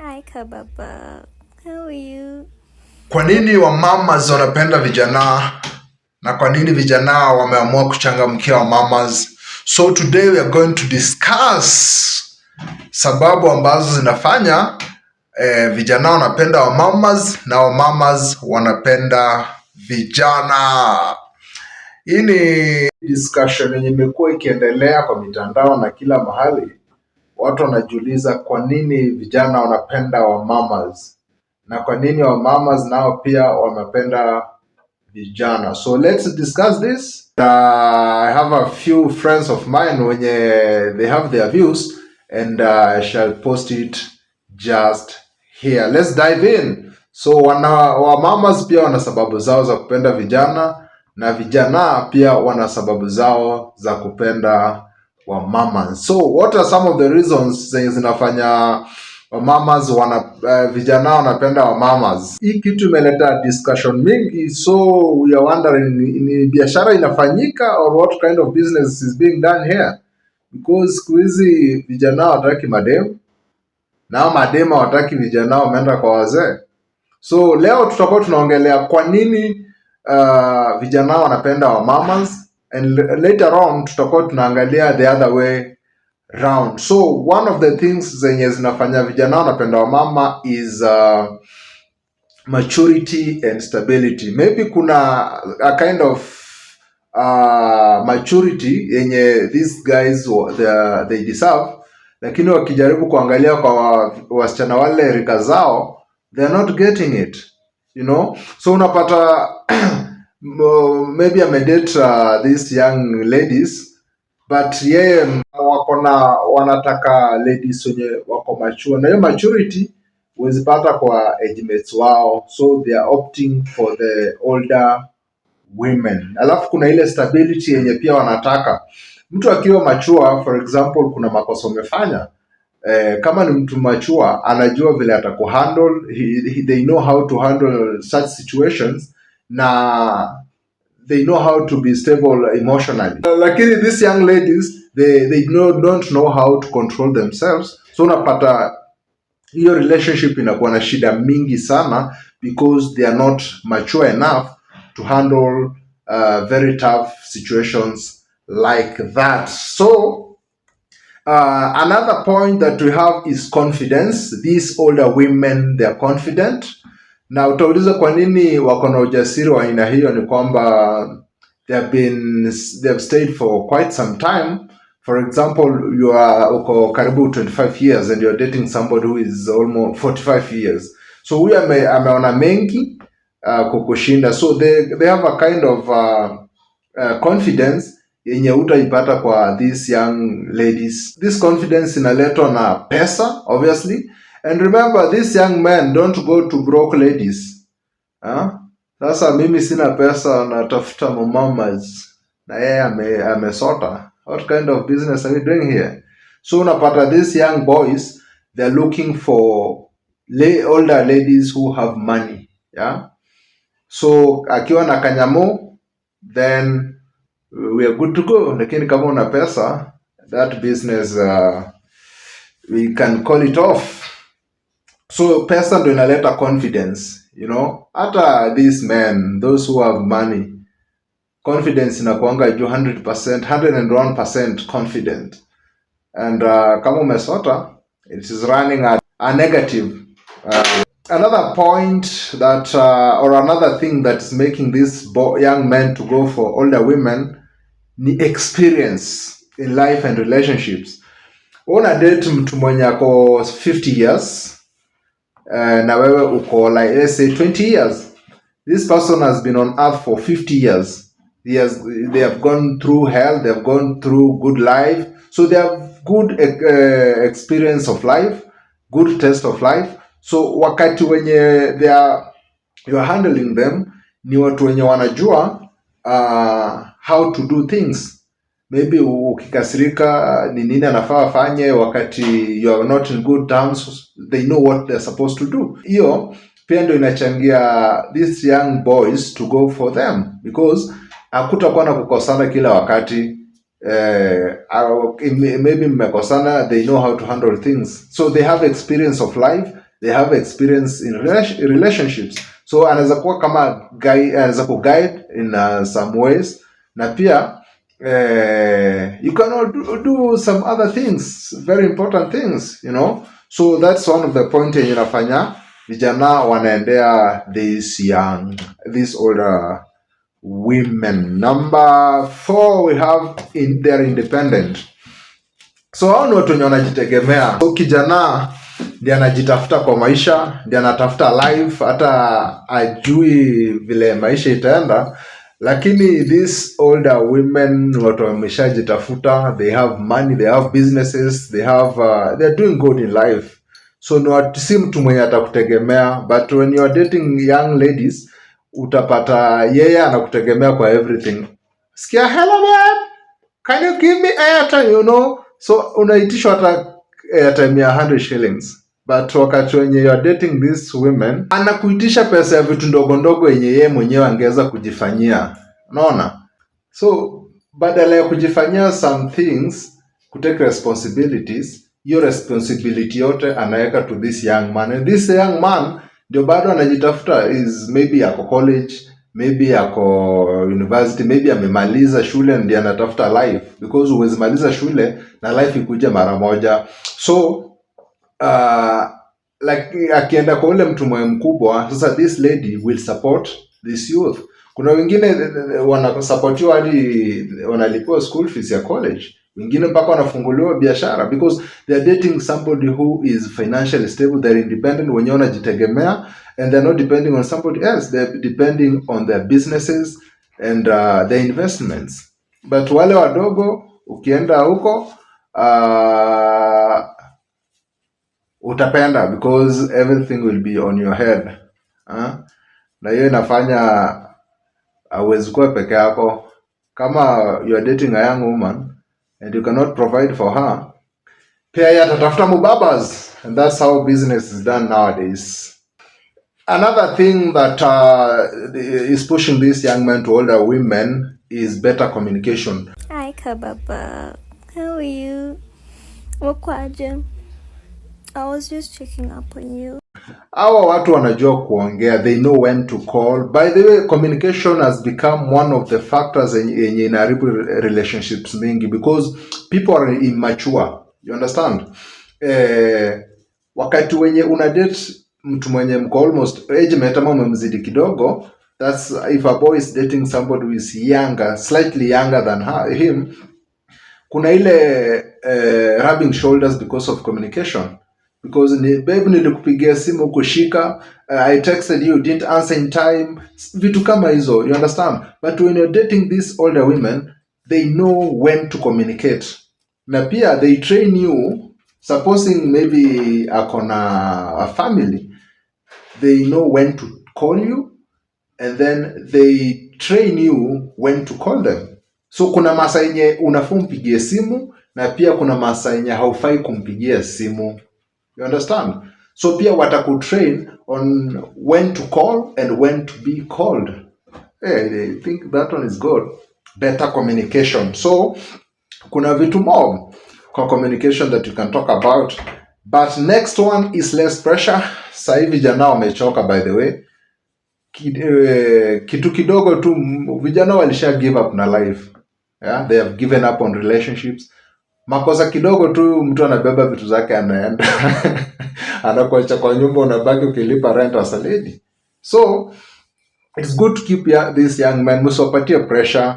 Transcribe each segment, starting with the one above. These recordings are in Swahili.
Hi, kababa. How are you? Kwa nini wamamas wanapenda vijana na kwa nini vijana wameamua kuchangamkia wamamas? So today we are going to discuss sababu ambazo zinafanya eh, vijana wanapenda wamamas na wamamas wanapenda vijana. Hii ni discussion yenye imekuwa ikiendelea kwa mitandao na kila mahali Watu wanajiuliza kwa nini vijana wanapenda wamamas na kwa nini wamamas nao pia wamependa vijana. So let's discuss this. Uh, I have a few friends of mine wenye they have their views and uh, I shall post it just here. Let's dive in. So wana wamamas pia wana sababu zao za kupenda vijana na vijana pia wana sababu zao za kupenda wa mama. So what are some of the reasons zenye zinafanya wamamas wana uh, vijana wanapenda wamamas? Hii kitu imeleta discussion mingi, so we are wondering ni ni biashara inafanyika or what kind of business is being done here because siku hizi vijana hawataki mademu na mademu hawataki vijana, wameenda kwa wazee. So leo tutakuwa tunaongelea kwa nini uh, vijana wanapenda wamamas and later on tutakuwa tunaangalia the other way round. So one of the things zenye zinafanya vijana wanapenda wamama is uh, maturity and stability. Maybe kuna a kind of uh, maturity yenye these guys they, they deserve, lakini wakijaribu kuangalia kwa wasichana wale rika zao they are not getting it you know, so unapata maybe amedate uh, these young ladies but yeye wako na wanataka ladies wenye wako mature na hiyo maturity huwezi kwa age mates wao so they are opting for the older women alafu kuna ile stability yenye pia wanataka mtu akiwa machua for example kuna makosa umefanya eh, kama ni mtu machua anajua vile atakuhandle they know how to handle such situations na they know how to be stable emotionally. Uh, lakini these young ladies they they know, don't know how to control themselves, so unapata hiyo relationship inakuwa na shida mingi sana because they are not mature enough to handle uh, very tough situations like that so Uh, another point that we have is confidence. These older women, they are confident na utauliza kwa nini wako na ujasiri wa aina hiyo, ni kwamba they have been they have stayed for quite some time. For example, you are uko karibu 25 years and you are dating somebody who is almost 45 years, so huyu ame, ameona mengi uh, kukushinda, so they, they have a kind of uh, uh, confidence yenye utaipata kwa these young ladies. This confidence inaletwa na pesa obviously And remember this young man don't go to broke ladies. Huh? Sasa mimi sina pesa natafuta mumamas na yeye ame, amesota. What kind of business are we doing here? So unapata these young boys they're looking for lay, older ladies who have money. Yeah? So akiwa na kanyamu then we are good to go, lakini kama una pesa that business uh, we can call it off. So pesa ndo inaleta confidence, you know. Hata these men, those who have money, confidence inakuanga juu 100%, 101% confident. And uh, kama umesota, it is running at a negative. Uh, another point that uh, or another thing that is making this young men to go for older women ni experience in life and relationships. Una date mtu mwenye ako 50 years Eh, na wewe uko like let's say 20 years this person has been on earth for 50 years he has, they have gone through hell they have gone through good life so they have good uh, experience of life good test of life so wakati wenye they are you are handling them ni watu wenye wanajua uh, how to do things maybe ukikasirika ni nini anafaa afanye wakati you are not in good terms, they know what are supposed to do. Hiyo pia ndio inachangia these young boys to go for them because hakutakuwa na kukosana kila wakati. Uh, maybe mmekosana, they know how to handle things, so they have experience of life, they have experience in relationships, so anaweza kuwa kama anaweza kuguide in uh, some ways na pia uh, you cannot do, do some other things very important things you know so that's one of the point yenye inafanya vijana wanaendea this young this older women number four we have in their independent so hao ni watu wenye wanajitegemea so kijana ndi anajitafuta kwa maisha ndi anatafuta life hata ajui vile maisha itaenda lakini these older women watu wameshajitafuta, they have money, they have businesses, they have uh, they are doing good in life, so ni si mtu mwenye atakutegemea, but when you are dating young ladies utapata yeye anakutegemea kwa everything. Sikia, hello man, can you give me airtime, you know, so unaitishwa hata airtime ya 100 shillings but wakati wenye you are dating these women anakuitisha pesa ya vitu ndogo ndogo yenye yeye mwenyewe angeweza kujifanyia, unaona? So badala ya kujifanyia some things, kutake responsibilities, hiyo responsibility yote anaweka to this young man, and this young man ndio bado anajitafuta, is maybe ako college maybe ako university maybe amemaliza shule ndiye anatafuta life, because huwezi shule na life ikuja mara moja, so uh, like akienda kwa ule mtu mwe mkubwa sasa, this lady will support this youth. Kuna wengine eh, eh, wanasupportiwa hadi wanalipiwa school fees ya college, wengine mpaka wanafunguliwa biashara because they are dating somebody who is financially stable, they are independent, wenyewe wanajitegemea and they are not depending on somebody else, they are depending on their businesses and uh, their investments. But wale wadogo ukienda huko uh, utapenda because everything will be on your head ha? Ah, na hiyo inafanya hauwezi kuwa peke yako kama you are dating a young woman and you cannot provide for her pia yeye atatafuta mubabas and that's how business is done nowadays another thing that uh, is pushing these young men to older women is better communication hi kababa how are you wakwaje I was just checking up on you. Hawa watu wanajua kuongea, they know when to call. By the way, communication has become one of the factors yenye inaharibu relationships mingi because people are immature. You understand? Eh, wakati wenye una date mtu mwenye mko almost age mtama umemzidi kidogo, that's if a boy is dating somebody who is younger, slightly younger than her, him, kuna ile eh, rubbing shoulders because of communication because ni, babe nilikupigia simu kushika uh, I texted you didn't answer in time, vitu kama hizo, you understand. But when you're dating these older women they know when to communicate, na pia they train you supposing maybe akona a family they know when to call you and then they train you when to call them. So kuna masa yenye unafaa umpigie simu na pia kuna masa yenye haufai kumpigia simu. You understand? So pia watakutrain on when to call and when to be called. Eh, hey, I think that one is good. Better communication. So kuna vitu mob kwa communication that you can talk about. But next one is less pressure. Sasa hivi vijana wamechoka by the way. Eh, kitu kidogo tu vijana walisha give up na life. Yeah, they have given up on relationships makosa kidogo tu, mtu anabeba vitu zake anaenda anakuacha kwa nyumba, unabaki ukilipa rent wasaledi. So it's good to keep ya, this young men, msiwapatie pressure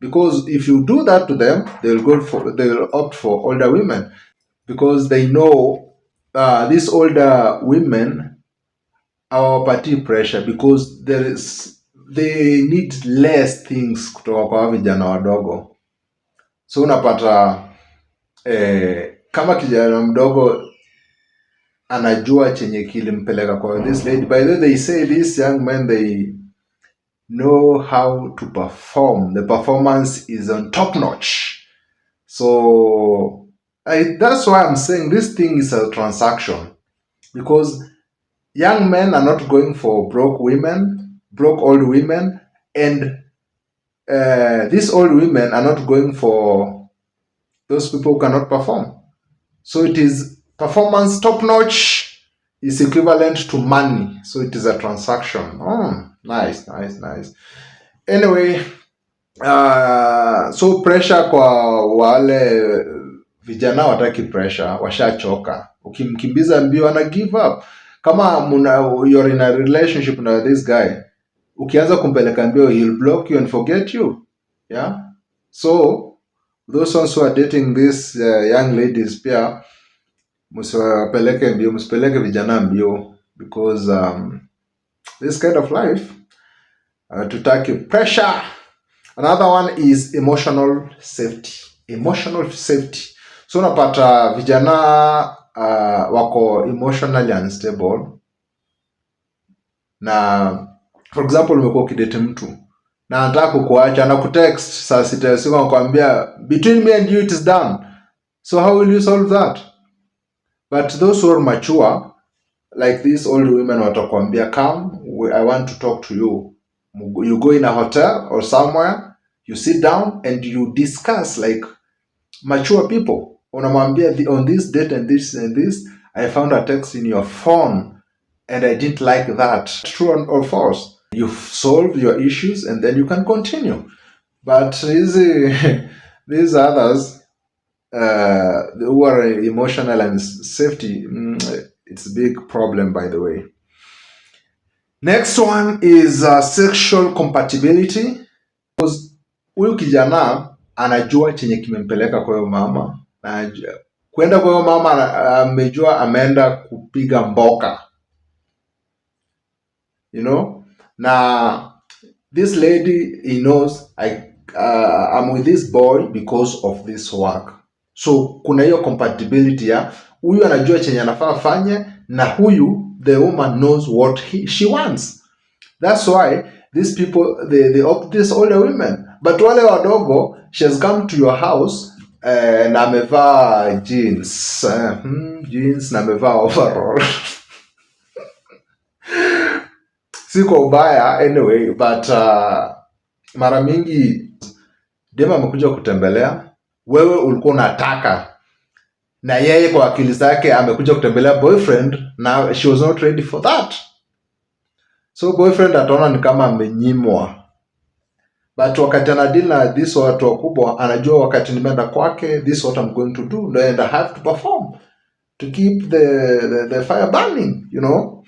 because if you do that to them they will go for opt for older women because they know uh, these older women hawapatii pressure because there is they need less things kutoka kwa vijana wadogo, so unapata eh, kama kijana mdogo anajua chenye kilimpeleka kwa this lady. By the way, they say these young men they know how to perform. The performance is on top notch. So I, that's why I'm saying this thing is a transaction because young men are not going for broke women, broke old women, and uh, these old women are not going for those people who cannot perform. So it is performance top notch is equivalent to money. So it is a transaction. Oh, nice, nice, nice. Anyway, uh, so pressure kwa wale vijana wataki pressure, washachoka. Ukimkimbiza mbio ana give up. Kama muna, you're in a relationship na this guy, ukianza kumpeleka mbio he'll block you and forget you. Yeah? So those ones who are dating these uh, young ladies pia msiwapeleke mbio, msipeleke vijana mbio because um, this kind of life uh, tutaki pressure. Another one is emotional safety, emotional safety. So unapata vijana uh, wako emotionally unstable na for example umekuwa ukidate mtu na anataka kukuacha, kutext saa sita usiku anakuambia between me and you it is done. So how will you solve that? But those who are mature like these old women watakwambia come, I want to talk to you. You go in a hotel or somewhere, you sit down and you discuss like mature people. Unamwambia on this date and this and this, I found a text in your phone and I didn't like that. True or false? you've solve your issues and then you can continue but these these others uh, who are emotional and safety mm, it's a big problem by the way next one is uh, sexual compatibility because huyu kijana anajua chenye kimempeleka kwa mama na kwenda kwa huyo mama amejua ameenda kupiga mboka you know na this lady, he knows I, uh, I'm with this boy because of this work. So kuna hiyo compatibility ya huyu anajua chenye anafaa afanye na huyu, the woman knows what he, she wants. That's why these people they, they opt this older women, but wale wadogo, she has come to your house uh, na amevaa jeans. Uh, hmm, jeans na amevaa overall si kwa ubaya anyway, but uh, mara mingi dema amekuja kutembelea wewe, ulikuwa unataka na yeye, kwa akili zake amekuja kutembelea boyfriend na she was not ready for that, so boyfriend ataona ni kama amenyimwa but wakati deal na this watu wakubwa, anajua wakati nimeenda kwake, this what I'm going to do and I have to perform to keep the, the, the fire burning you know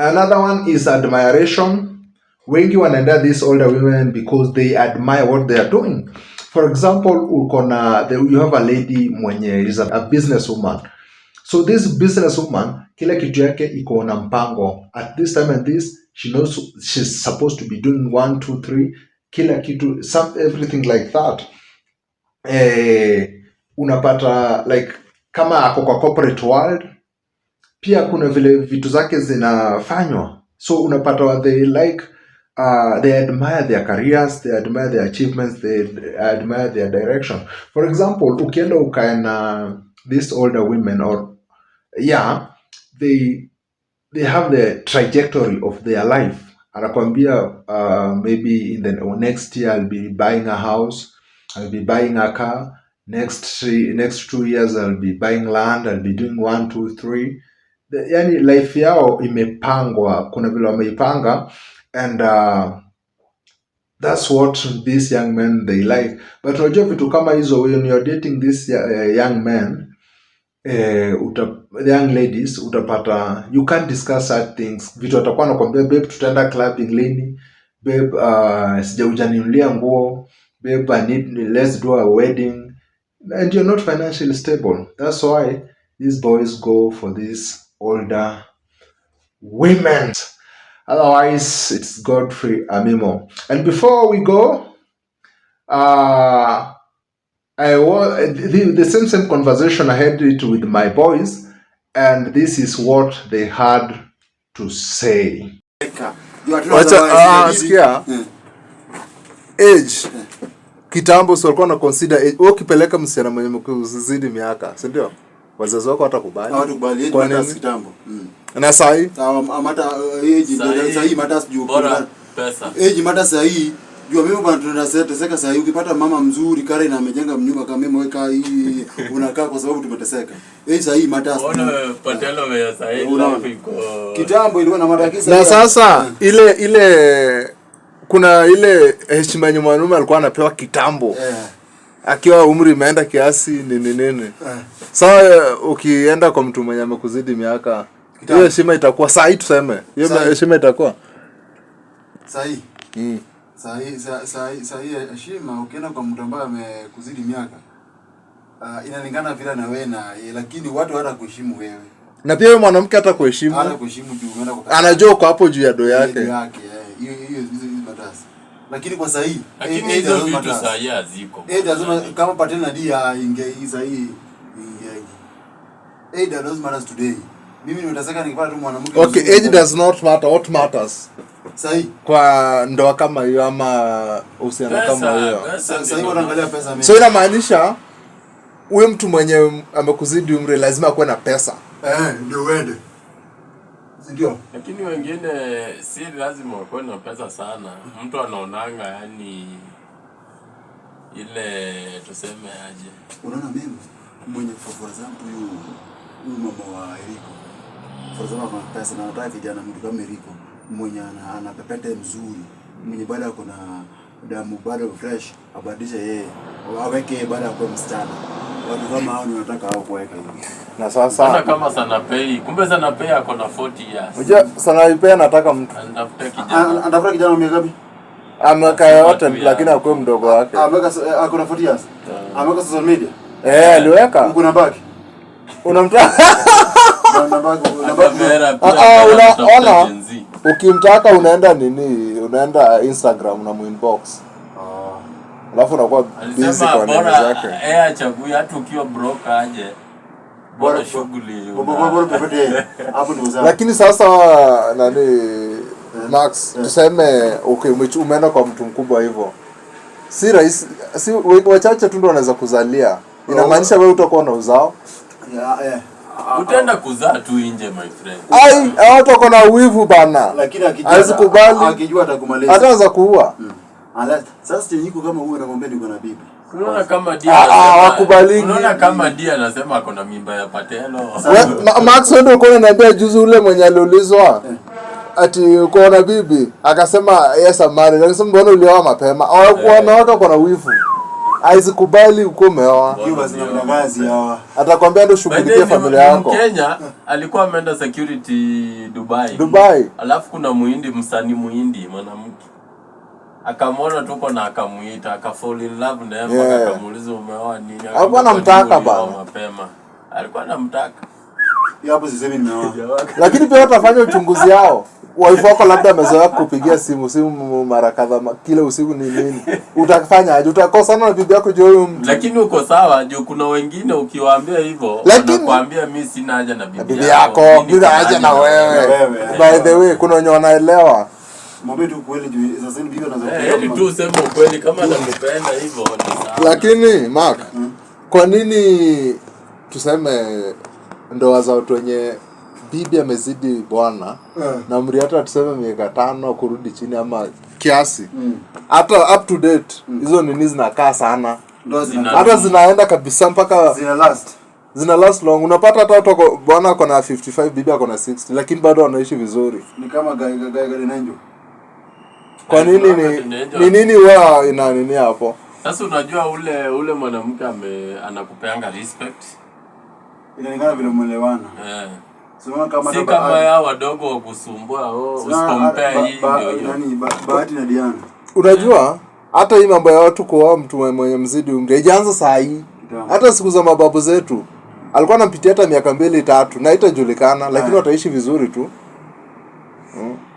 Another one is admiration. Wengi wanaendea these older women because they admire what they are doing. For example, ukona you have a lady mwenye is a business woman. So this business woman kila kitu yake iko na mpango. At this time and this she knows she's supposed to be doing one, two, three, kila kitu some everything like that. Eh, unapata like kama ako kwa corporate world pia kuna vile vitu zake zinafanywa, so unapata they like uh, they admire their careers, they admire their achievements, they admire their direction. For example, ukienda ukae na these older women or yeah, they they have the trajectory of their life anakwambia uh, maybe in the next year I'll be buying a house I'll be buying a car next three, next two years I'll be buying land I'll be doing one two three yani life yao imepangwa, kuna vile wameipanga and uh, that's what this young men they like. But unajua vitu kama hizo, when you are dating this uh, young man eh, uta, young ladies utapata you can't discuss such things. Vitu atakuwa anakuambia babe, tutaenda clubbing lini babe, uh, sijaujaniulia nguo babe, I need, let's do a wedding and you're not financially stable. That's why these boys go for this older women. Otherwise, it's Godfrey Amimo. And before we go, uh, I was the, the same same conversation I had it with my boys, and this is what they had to say. Wacha ah, sikia eh. age kitambo, si walikuwa na consider age, ukipeleka msichana mwenye mkuzidi miaka, si ndio? wazazi wako watakubali, Watakubali yaani kwa nini? Kitambo mm. na sasa uh, hii hata age ndio sasa hii mata juu. bora pesa age mata sasa hii jua mimi bwana, tunateseka sasa hii. Ukipata mama mzuri kare na amejenga mnyumba kama mimi weka hii unakaa kwa sababu tumeteseka. Hii sasa hii mata unaona patelo ya sasa hii kitambo ilikuwa na matakisa na sasa mm. ile ile kuna ile heshima yenye mwanaume alikuwa anapewa kitambo yeah akiwa umri imeenda kiasi nini nini. Eh. Sawa, so, eh, ukienda kwa mtu mwenye amekuzidi miaka, hiyo heshima itakuwa saa hii, tuseme hiyo heshima itakuwa saa hii mm. Saa hii saa hii hii heshima, ukienda kwa mtu ambaye amekuzidi miaka uh, inalingana vile na wewe na ye, lakini watu hata kuheshimu wewe na pia wewe mwanamke hata kuheshimu, anajua kwa hapo juu ya do yake. Eh. hiyo hiyo lakini kwa sahi, lakini hizo vitu sasa haziko. Eh, lazima kama Patel na Dia ingeiza hii eh, that doesn't matter today. Mimi nimeteseka nikipata tu mwanamke. Okay, age does not matter. What matters? Sahi. Kwa ndoa kama hiyo ama uhusiano kama hiyo. Sahi wanaangalia pesa mimi. So inamaanisha huyo mtu mwenye amekuzidi umri lazima akuwe na pesa. Eh, ndio wende. Sindio? Lakini wengine si lazima wakuwe na pesa sana. Mtu anaonanga yani ile tuseme aje. Unaona mimi mwenye for example huyu huyu mama wa Eriko. For example ana pesa na anataka vijana mtu kama Eriko mwenye ana pepete mzuri, mwenye bado ako na damu bado fresh, abadilishe yeye. Aweke bado kwa msichana watu kama hao wanataka hao kuweka hivi. Na sasa hata kama Sanapei, kumbe Sanapei ako na 40 years. Unajua Sanapei anataka mtu anatafuta kijana. Anatafuta kijana mwenye ngapi? Ameweka ah, yote lakini akuwe mdogo wake. Ameweka ah, eh, ako na 40 years. Ameweka ah, social media. Eh, aliweka. Uko na baki. Unamtaka? Unaona, ukimtaka unaenda nini? Unaenda Instagram muinbox. unamuinbox alafu unakuwa busy kwa nini zake. Eh, achagui hata ukiwa broke aje bora shughuli. Lakini sasa nani eh. Max, eh. tuseme okay, umeenda kwa mtu mkubwa hivyo, si rahisi, si wachache tu ndio wanaweza kuzalia. Inamaanisha wewe utakuwa na uzao eh. utaenda kuzaa tu nje my friend. Ai, hawatako na uwivu bana, Lakini akijua kubali, hata anaweza kuua. Mm. Ala, sasa sije niko kama huyu anamwambia niko na bibi. Unaona kama dia. Ah, ah wakubaliki. Unaona kama dia anasema ako na mimba ya patelo. Max ndio uko ananiambia juzi ule mwenye aliulizwa. Eh. Ati uko na bibi, akasema yes I'm married. Akasema mbona ulioa mapema? Eh. Wanawake wako na wivu. Aisikubali uko umeoa. Atakwambia ndio shughulikie familia yako. Kenya alikuwa ameenda security Dubai. Dubai. Alafu kuna muhindi msanii muhindi mwanamke akamwona tuko na akamuita akafall in love na yeye yeah. Akamuuliza umeoa nini? Alikuwa anamtaka bana mapema, alikuwa anamtaka hapo. Sasa nimeoa, lakini pia watafanya uchunguzi yao. Waifu wako labda amezoea kupigia simu simu mara kadhaa kila usiku, ni nini utafanya aje? Utakosana na bibi yako juu mtu, lakini uko sawa juu. Kuna wengine ukiwaambia hivyo, lakini nakwambia mimi sina haja na bibi yako, bibi yako bibi haja na wewe. By the way, kuna wenye wanaelewa lakini Mark, Kwa nini tuseme ndoa za watu wenye bibi amezidi bwana yeah. na mri hata tuseme miaka tano kurudi chini ama kiasi hata mm. up to date hizo nini zinakaa sana hata zinaenda kabisa mpaka zina last long unapata hata watu bwana akona 55 bibi akona 60 lakini bado wanaishi vizuri ni kama nanjo kwa yaani nini ni ni nini wewe ina nini hapo? Sasa unajua ule ule mwanamke ame anakupeanga respect. Inalingana vile mwelewana. Eh. Sema kama si kama ya wadogo wa kusumbua oh usikompea hii ndio. Nani bahati na Diana. Unajua yeah. hata hii mambo ya watu kuoa mtu mwenye mzidi umri haijaanza saa hii. Hata siku za mababu zetu alikuwa anampitia hata miaka mbili tatu na itajulikana, lakini eh. wataishi vizuri tu.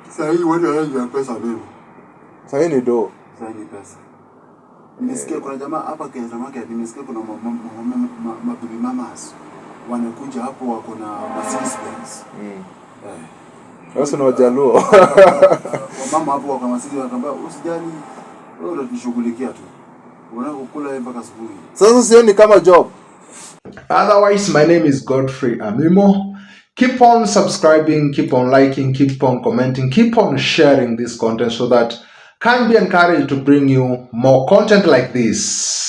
Sasa hii wewe unaweza kuwa pesa Sahi ni do. Sahi ni pesa. Nimesikia kuna jamaa hapa Kenya Market, nimesikia kuna mabibi mamas wanakuja hapo wako na assistance. Mm. Eh. Sasa ni Wajaluo. Mama hapo wako na Mercedes wanakuambia usijali, wewe unatushughulikia tu. Unakukula mpaka asubuhi. Sasa sioni kama job. Otherwise, my name is Godfrey Amimo. Keep on subscribing, keep on liking, keep on commenting, keep on sharing this content so that can be encouraged to bring you more content like this.